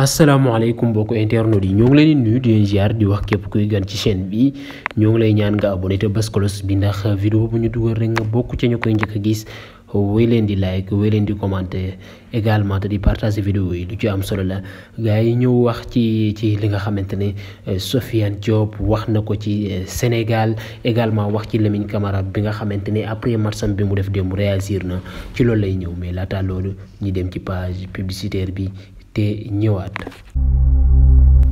asalaamaaleykum mbokki internet yi ñoo ngi leen di nuyu di leen ziar di wax képp kuy gan ci chaîne bi ñoo ngi lay ñaan nga abonné te bës bi ndax vidéo bu ñu dugal rek nga bokk ca ñu koy njëkk a gis wéy leen di like wéy leen di commenter également te di partager vidéo yi du ci am solo la gars ñëw wax ci ci li nga xamante ne euh, Sofiane Diop wax na ko ci euh, Sénégal également wax ci Lamine Camara bi nga xamante ne après matcham bi mu def démb réagir na ci loolu lay ñëw mais laata loolu ñi dem ci page publicitaire bi te ñëwaat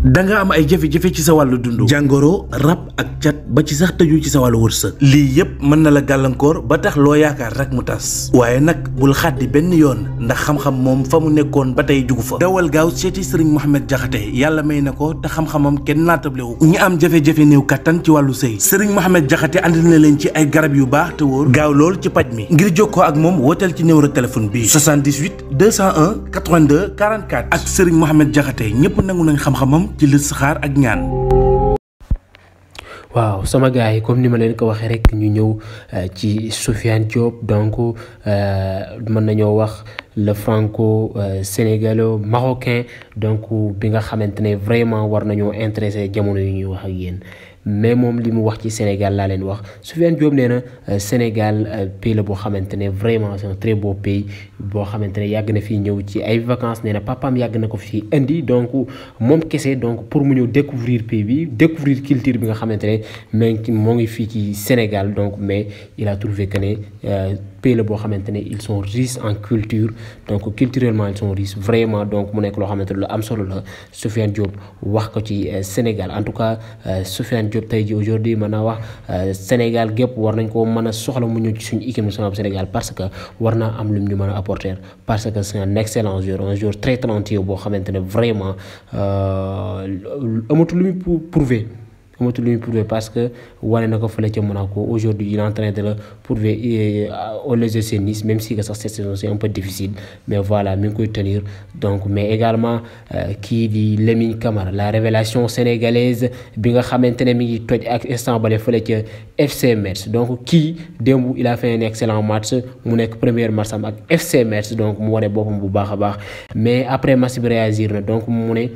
danga am ay jafe-jafe ci sa wàllu dundu jàngoro rab ak cat ba ci sax tëju ci sa wàllu wërsëg lii yépp mën na la gàllankoor ba tax loo yaakaar rek mu tas waaye nag bul xàddi benn yoon ndax xam-xam moom fa mu nekkoon ba tey jugu fa dawal gaaw seeti sëriñ Mohamed Jaxate yàlla may na ko te xam-xamam kenn naatable wu ñi am jafe-jafe néew kattan ci wàllu sëy sëriñ Mohamed Jaxate andi na leen ci ay garab yu baax te wóor gaaw lool ci paj mi ngir jokkoo ak moom wooteel ci numéro téléphone bi 78 201 82 44 ak sëriñ Mohamed Jaxate ñépp nangu nañ xam-xamam ci listixaar ak ñaan waaw sama gars yi comme ni ma leen ko waxee rek ñu ñëw euh, ci Soufiane Diop donc euh, mën nañoo wax le franco-sénégalo-marocain euh, donc bi nga xamantene vraiment war nañu intéressé jamono yi ñuy wax ak yéen mais moom li mu wax ci Sénégal laa leen wax Soufiane Diop nee na euh, Sénégal euh, pays la boo xamante ne vraiment c'est un très beau pays boo xamante ne yàgg na fi ñëw ci ay vacances nee na papaam yàgg na ko fii indi donc moom kese donc pour mu ñëw découvrir pays bi découvrir culture bi nga xamante ne mais moo ngi fii ci Sénégal donc mais il a trouvé que ne pays la boo xamante ne ils sont riches en culture donc culturellement ils sont riches vraiment donc mu nekk loo xamante lu am solo la Soufiane Diop wax ko ci euh, Sénégal en tout cas euh, Soufiane Diop tey ji aujourd'hui mën naa wax euh, Sénégal gépp war nañ ko mën a soxla mu ñëw ci suñu équipe nationale Sénégal parce que war naa am lu ñu mën apporter parce que c'est un excellent jour, un jour très talentueux boo xamante ne vraiment amatul lu pour prouver fu lui parce que wane nako fele ci Monaco aujourd'hui il est en train de le prouver euh, au LGC Nice même si que sax cette saison c'est un peu difficile mais voilà mi ngi tenir donc mais également euh, qui di Lamine Camara la révélation sénégalaise bi nga xamantene ne mi ngi toj ak istanbul fele ci FC Metz donc qui démb il a fait un excellent match mu nek première match am ak FC Metz donc mu wane bopam bu baax mais après match réagir donc mu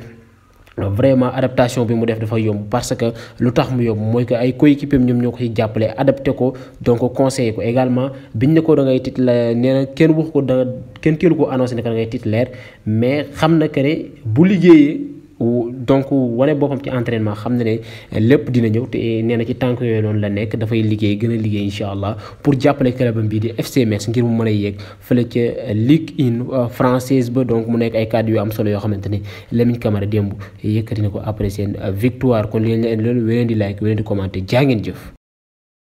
vraiment adaptation bi mu def dafa parce que l'autre tax mu yomb que ay coéquipiers ñoom adapté donc conseillé ko également biñ ne ko da ngay titulaire nee na wax ko ko annoncé ne mais xam que ne bu donc wane boppam ci entraînement xam na ne lépp dina ñëw te nee na ci tànk yooyu noonu la nekk dafay liggéey gën a liggéey incha allah pour jàppale clubam bi di FC Metz ngir mu mën a yéeg fële ca Ligue 1 euh, française ba donc mu nekk ay cadres yu am solo yoo xamante ne Lamine Camara démb yëkkati ne ko après seen victoire kon leen leen loolu weleen di like weleen di commenter jaa ngeen jëf